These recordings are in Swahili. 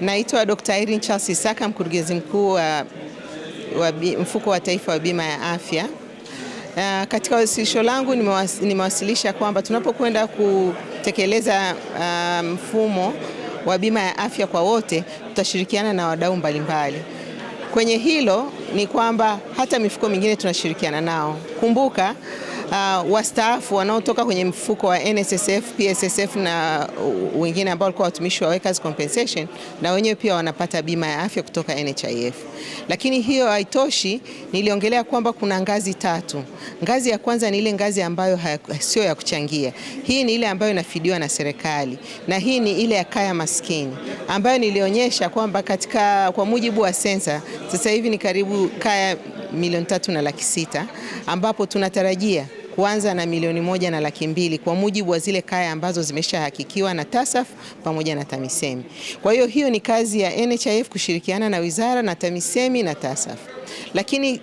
Naitwa Dr. Irene Charles Isaka, mkurugenzi mkuu wa, wa mfuko wa taifa wa bima ya afya. Uh, katika wasilisho langu nimewasilisha kwamba tunapokwenda kutekeleza uh, mfumo wa bima ya afya kwa wote tutashirikiana na wadau mbalimbali. Kwenye hilo ni kwamba hata mifuko mingine tunashirikiana nao. Kumbuka uh, wastaafu wanaotoka kwenye mfuko wa NSSF, PSSF na wengine ambao walikuwa watumishi wa workers compensation, na wenyewe pia wanapata bima ya afya kutoka NHIF. Lakini hiyo haitoshi, niliongelea kwamba kuna ngazi tatu. Ngazi ya kwanza ni ile ngazi ambayo sio ya kuchangia. Hii ni ile ambayo inafidiwa na serikali, na hii ni ile ya kaya maskini ambayo nilionyesha kwamba katika kwa mujibu wa sensa sasa hivi ni karibu kaya milioni tatu na laki sita ambapo tunatarajia kuanza na milioni moja na laki mbili kwa mujibu wa zile kaya ambazo zimeshahakikiwa na TASAF pamoja na TAMISEMI. Kwa hiyo hiyo ni kazi ya NHIF kushirikiana na wizara na TAMISEMI na TASAF. Lakini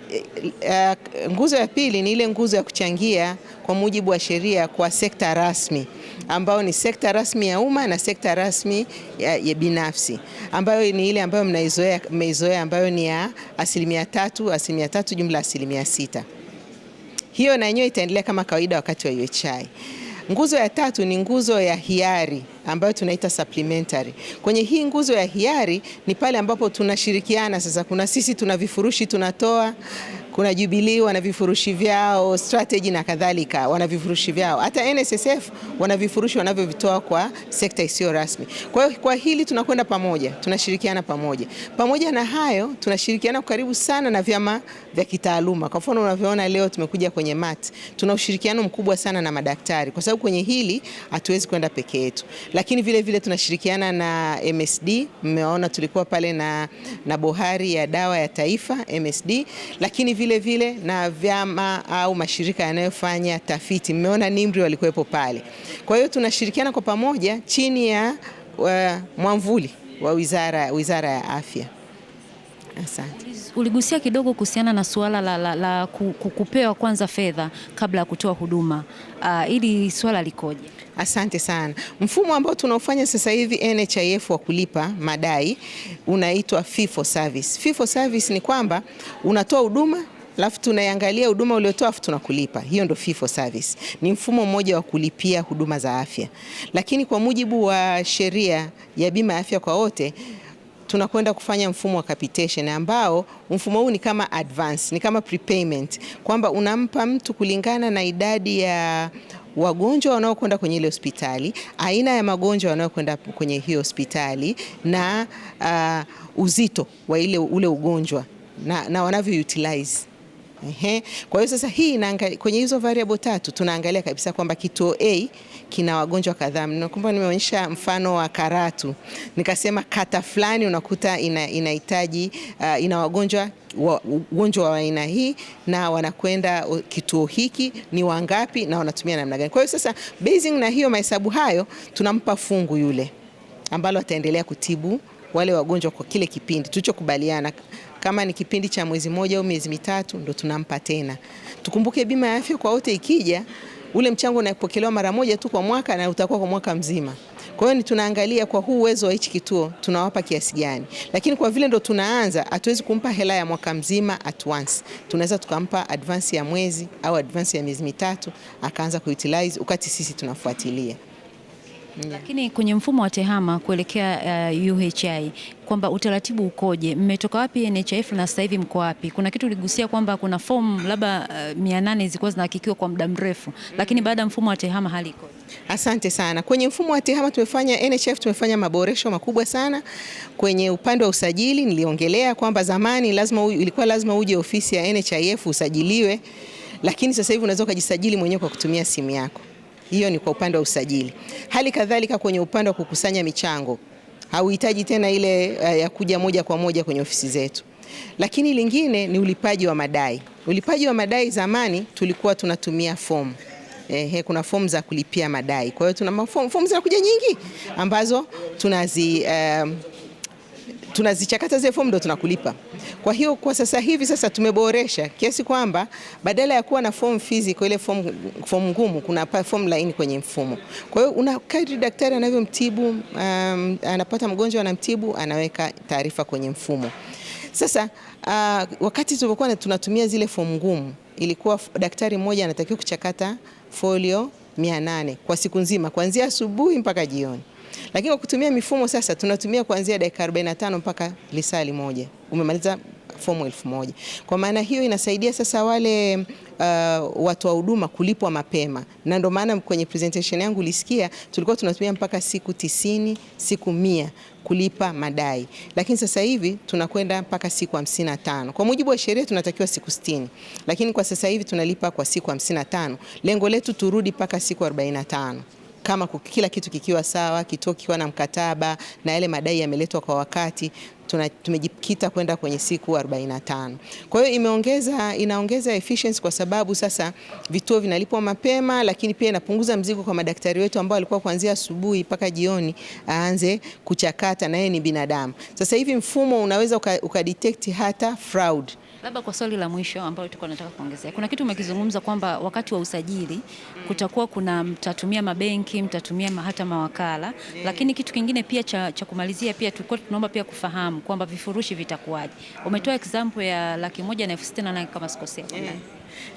uh, nguzo ya pili ni ile nguzo ya kuchangia kwa mujibu wa sheria kwa sekta rasmi ambayo ni sekta rasmi ya umma na sekta rasmi ya, ya binafsi ambayo ni ile ambayo mnaizoea mmeizoea ambayo ni ya asilimia tatu asilimia tatu jumla asilimia sita hiyo na yenyewe itaendelea kama kawaida wakati wa UHI. Nguzo ya tatu ni nguzo ya hiari ambayo tunaita supplementary. Kwenye hii nguzo ya hiari ni pale ambapo tunashirikiana sasa, kuna sisi tuna vifurushi tunatoa kuna Jubilee wana vifurushi vyao, strategy na kadhalika, wana vifurushi vyao. Hata NSSF wana vifurushi wanavyovitoa kwa sekta isiyo rasmi. Kwa hiyo kwa hili tunakwenda pamoja, tunashirikiana pamoja. Pamoja na hayo, tunashirikiana karibu sana na vyama vya kitaaluma. Kwa mfano, unavyoona leo tumekuja kwenye MAT, tuna ushirikiano mkubwa sana na madaktari, kwa sababu kwenye hili hatuwezi kwenda peke yetu, lakini vile vile tunashirikiana na MSD. Mmeona tulikuwa pale na, na bohari ya dawa ya taifa MSD, lakini vile vile vile na vyama au mashirika yanayofanya tafiti. Mmeona NIMR walikuwepo pale. Kwa hiyo tunashirikiana kwa pamoja chini ya uh, mwamvuli wa wizara, wizara ya afya. Asante. Uligusia kidogo kuhusiana na suala la, la, la kupewa kwanza fedha kabla ya kutoa huduma uh, ah, ili suala likoje? Asante sana. Mfumo ambao tunaofanya sasa hivi NHIF wa kulipa madai unaitwa fee for service. Fee for service ni kwamba unatoa huduma alafu tunaiangalia huduma uliotoa afu tunakulipa. Hiyo ndio fee for service, ni mfumo mmoja wa kulipia huduma za afya, lakini kwa mujibu wa sheria ya bima ya afya kwa wote tunakwenda kufanya mfumo wa capitation ambao mfumo huu ni kama advance, ni kama prepayment kwamba unampa mtu kulingana na idadi ya wagonjwa wanaokwenda kwenye ile hospitali, aina ya magonjwa wanaokwenda kwenye hiyo hospitali na uh, uzito wa ile ule ugonjwa na, na wanavyo utilize Ehe. Kwa hiyo sasa hii inaangalia kwenye hizo variable tatu tunaangalia kabisa kwamba kituo A kina wagonjwa kadhaa. Nakumbuka nimeonyesha mfano wa Karatu nikasema kata fulani unakuta inahitaji ina, uh, ina wagonjwa ugonjwa wa aina hii na wanakwenda uh, kituo hiki ni wangapi na wanatumia namna gani. Kwa hiyo sasa basing na hiyo mahesabu hayo tunampa fungu yule ambalo ataendelea kutibu wale wagonjwa kwa kile kipindi tulichokubaliana kama ni kipindi cha mwezi mmoja au miezi mitatu ndo tunampa tena. Tukumbuke bima ya afya kwa wote ikija, ule mchango unapokelewa mara moja tu kwa mwaka na utakuwa kwa mwaka mzima. Kwa hiyo tunaangalia kwa huu uwezo wa hichi kituo tunawapa kiasi gani, lakini kwa vile ndo tunaanza, hatuwezi kumpa hela ya mwaka mzima at once. Tunaweza tukampa advance ya mwezi au advance ya miezi mitatu, akaanza kuutilize wakati sisi tunafuatilia yeah. Lakini kwenye mfumo wa tehama kuelekea uh, UHI kwamba utaratibu ukoje? Mmetoka wapi NHIF na sasa hivi mko wapi? Kuna kitu uligusia kwamba kuna fomu labda uh, mia nane zilikuwa zinahakikiwa kwa muda mrefu mm. Lakini baada ya mfumo wa tehama hali iko? Asante sana. Kwenye mfumo wa tehama tumefanya NHIF tumefanya maboresho makubwa sana kwenye upande wa usajili. Niliongelea kwamba zamani lazima u, ilikuwa lazima uje ofisi ya NHIF usajiliwe, lakini sasa hivi unaweza ukajisajili mwenyewe kwa kutumia simu yako. Hiyo ni kwa upande wa usajili. Hali kadhalika kwenye upande wa kukusanya michango hauhitaji tena ile uh, ya kuja moja kwa moja kwenye ofisi zetu. Lakini lingine ni ulipaji wa madai. Ulipaji wa madai zamani tulikuwa tunatumia fomu. Eh, kuna fomu za kulipia madai. Kwa hiyo tuna fomu zinakuja nyingi ambazo tunazi uh, tunazichakata zile fomu ndo tunakulipa. Kwa hiyo kwa sasa hivi sasa tumeboresha kiasi kwamba badala ya kuwa na fomu physical ile fomu fomu ngumu, kuna fomu laini kwenye mfumo. Kwa hiyo una kadri daktari anavyomtibu um, anapata mgonjwa anamtibu, anaweka taarifa kwenye mfumo. Sasa uh, wakati tulipokuwa tunatumia zile fomu ngumu, ilikuwa daktari mmoja anatakiwa kuchakata folio 800 kwa siku nzima kuanzia asubuhi mpaka jioni. Lakini kwa kutumia mifumo sasa tunatumia kuanzia dakika 45 mpaka lisali moja umemaliza fomu elfu moja. Kwa maana hiyo inasaidia sasa wale uh, watu wa huduma kulipwa mapema, na ndio maana kwenye presentation yangu ulisikia tulikuwa tunatumia mpaka siku tisini, siku mia kulipa madai, lakini sasa hivi tunakwenda mpaka siku hamsini na tano. Kwa mujibu wa sheria tunatakiwa siku sitini, lakini kwa sasa hivi tunalipa kwa siku hamsini na tano. Lengo letu turudi mpaka siku arobaini na tano kama kila kitu kikiwa sawa, kituo kikiwa na mkataba na yale madai yameletwa kwa wakati tuna, tumejikita kwenda kwenye siku 45. Kwa hiyo imeongeza inaongeza efficiency kwa sababu sasa vituo vinalipwa mapema, lakini pia inapunguza mzigo kwa madaktari wetu ambao walikuwa kuanzia asubuhi mpaka jioni aanze kuchakata, na yeye ni binadamu. Sasa hivi mfumo unaweza ukadetect uka hata fraud Labda kwa swali la mwisho ambalo tulikuwa nataka kuongezea, kuna kitu umekizungumza kwamba wakati wa usajili mm. kutakuwa kuna mtatumia mabenki, mtatumia hata mawakala mm. Lakini kitu kingine pia cha, cha kumalizia pia tulikuwa tunaomba pia kufahamu kwamba vifurushi vitakuwaje. Umetoa example ya laki moja na elfu sitini na nane kama sikosea yeah.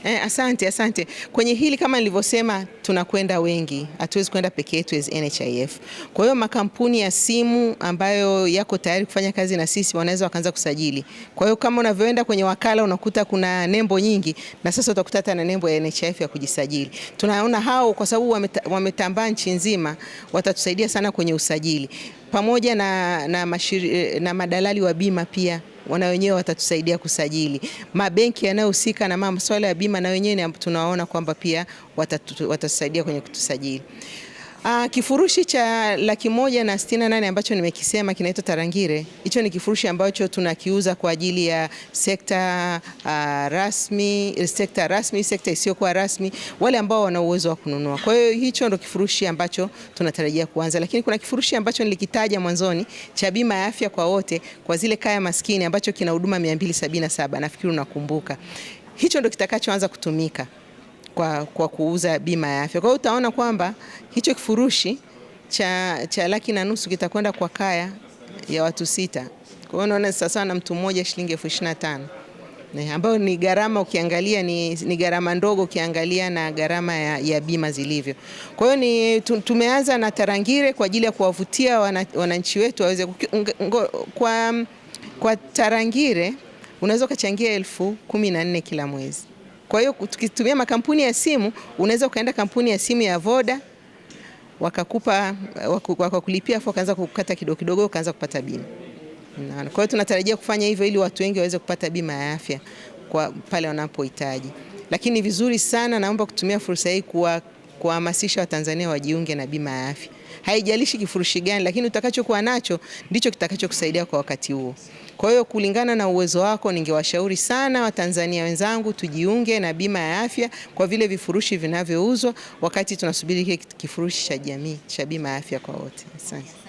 Eh, asante asante. Kwenye hili kama nilivyosema, tunakwenda wengi, hatuwezi kwenda peke yetu as NHIF. Kwa hiyo makampuni ya simu ambayo yako tayari kufanya kazi na sisi wanaweza wakaanza kusajili. Kwa hiyo kama unavyoenda kwenye wakala unakuta kuna nembo nyingi, na sasa utakuta hata na nembo ya NHIF ya kujisajili. Tunaona hao kwa sababu wametambaa wametambaa nchi nzima, watatusaidia sana kwenye usajili pamoja na, na, mashiri, na madalali wa bima pia wana wenyewe watatusaidia kusajili. Mabenki yanayohusika na masuala ya bima na wenyewe tunaona kwamba pia watatusaidia kwenye kutusajili. Uh, kifurushi cha laki moja na sitini na nane ambacho nimekisema kinaitwa Tarangire, hicho ni kifurushi ambacho tunakiuza kwa ajili ya sekta uh, rasmi, sekta rasmi, sekta isiyokuwa rasmi, wale ambao wana uwezo wa kununua. Kwa hiyo hicho ndo kifurushi ambacho tunatarajia kuanza, lakini kuna kifurushi ambacho nilikitaja mwanzoni cha bima ya afya kwa wote kwa zile kaya maskini ambacho kina huduma 277 nafikiri unakumbuka, hicho ndo kitakachoanza kutumika kwa, kwa kuuza bima ya afya. Kwa hiyo utaona kwamba hicho kifurushi cha, cha laki na nusu kitakwenda kwa kaya ya watu sita. Kwa hiyo unaona sasa na mtu mmoja shilingi elfu ishirini na tano ambayo ni gharama ukiangalia ni, ni gharama ndogo ukiangalia na gharama ya, ya bima zilivyo. Kwa hiyo ni tumeanza na Tarangire kwa ajili ya kuwavutia wananchi wetu waweze kwa, kwa Tarangire unaweza ukachangia elfu kumi na nne kila mwezi. Kwa hiyo tukitumia makampuni ya simu, unaweza ukaenda kampuni ya simu ya Voda wakakupa eh, wakakulipia, afu wakaanza kukata kidogo kidogo, ukaanza kupata bima. Kwa hiyo tunatarajia kufanya hivyo ili watu wengi waweze kupata bima ya afya kwa pale wanapohitaji. Lakini vizuri sana, naomba kutumia fursa hii kuwa kuhamasisha Watanzania wajiunge na bima ya afya. Haijalishi kifurushi gani, lakini utakachokuwa nacho ndicho kitakachokusaidia kwa wakati huo. Kwa hiyo kulingana na uwezo wako, ningewashauri sana Watanzania wenzangu tujiunge na bima ya afya kwa vile vifurushi vinavyouzwa, wakati tunasubiri kile kifurushi cha jamii cha bima ya afya kwa wote. Asante.